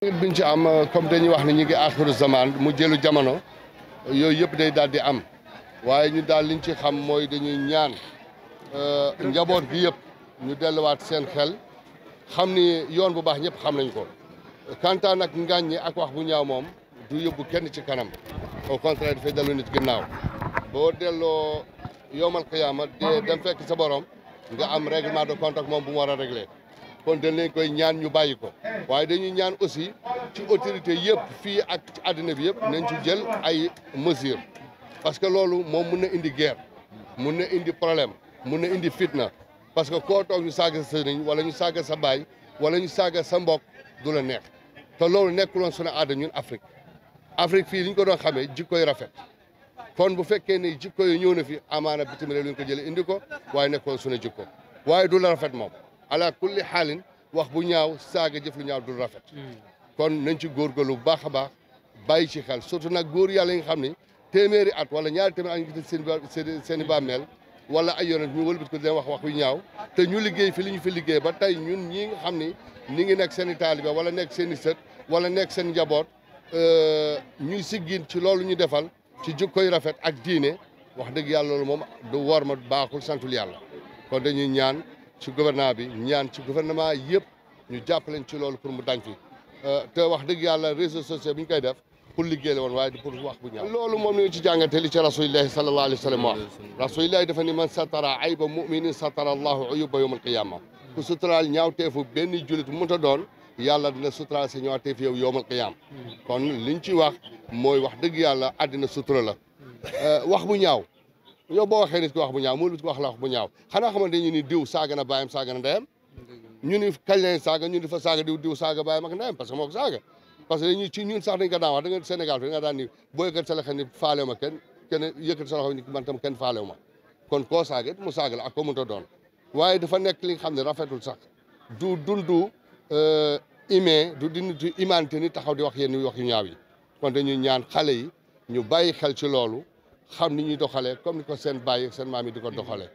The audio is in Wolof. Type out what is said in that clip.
biñ ci am euh, comme dañuy wax ne ñu ngi axiru zaman mu jëlu jamono yooyu yëpp day daal di am waaye ñu daal liñ ci xam mooy dañuy ñaan euh, njaboot bi yëpp ñu delluwaat seen xel xam ni yoon bu baax ñëpp xam nañ ko kanta nag ngàññi ak wax bu ñaaw moom du yóbbu kenn ci kanam au contraire dafay delloo nit ginnaaw boo delloo yowmal qiyaama dee dem fekk sa borom nga am règlement de compte ak moom bu mu war a réglé kon dañ leen koy ñaan ñu bàyyi ko waaye dañuy ñaan aussi ci autorité yëpp fii ak àddina bi yëpp nañ ci jël ay mesures parce que loolu moom mun na indi guerre mun na indi problème mun na indi fitna parce que ko toog ñu saaga sa sëriñ wala ñu saaga sa baay wala ñu saaga sa mbokk du la neex te loolu nekkuloon sunu aada ñun Afrique Afrique fii li ñu ko doon xamee jikkoy rafet kon bu fekkee ne jikko yi ñëw na fi amaana bitim réew lu ñu ko jëlee indi ko waaye nekkoon sunu jikko waaye du la rafet moom. ala kulli xaalin wax bu ñaaw saaga jëf lu ñaaw du rafet. kon nañ ci góor góorgóorlu lu baax a baax bàyyi ci xel surtout nag góor yàlla yi nga xam ni téeméeri at wala ñaari téeméeri at ñu ngi seen seen i bàmmeel wala ay yonent ñu wëlbati ko di wax wax yu ñaaw te ñu liggéey fi li ñu fi liggéey ba tey ñun ñi nga xam ni ñi ngi nekk seen i taalibe wala nekk seen i sët wala nekk seen njaboot euh, ñu siggin ci loolu ñu defal ci jukko jikkoy rafet ak diine wax dëgg yàlla loolu moom du wor ma baaxul santul yàlla ci gouvernement bi ñaan ci gouvernement yëpp ñu jàppaleñ ci loolu pour mu dañ fi euh, te wax dëgg yàlla réseaux sociaux bi ñu koy def pour liggéey la woon waaye du pour wax bu ñaaw loolu moom la ci jàngante li ci rasulillahi sallallahu alayhi wa sallam wax rasulillahi dafa ni man satara ayba muminin satara allahu ayuba yawm alqiyama ku suturaal ñaaw teefu benn julit mu ta doon yàlla dina suturaal sa ñaaw teef yow yawm alqiyama kon liñ ci wax mooy wax dëgg yàlla àddina sutura la euh, wax bu ñaaw ñoo boo waxee nit ko wax bu ñaaw mënul ko wax la wax bu ñaaw xanaa xamante ñu ni diw saaga na baayam saaga na ndeyam ñu ni kañ saaga ñu di fa saaga diw diw saaga baayam ak ndeyam parce que moo ko saaga parce que ñu ñun sax dañ ko daan wax da nga Sénégal fi da nga daan ni boo yëkkat sa loxo ni faalew ma kenn kenn kenn faalew ma kon koo saaga mu saaga la ak ko mënta doon waaye dafa nekk li nga xam ne rafetul sax du dundu euh, humain du dundu humanité ni taxaw di wax yenn wax yu ñaaw yi kon dañuy ñaan xale yi ñu bàyyi xel ci loolu xam ni ñuy doxalee comme ni ko seen bàyyi seen maam yi di ko doxalee.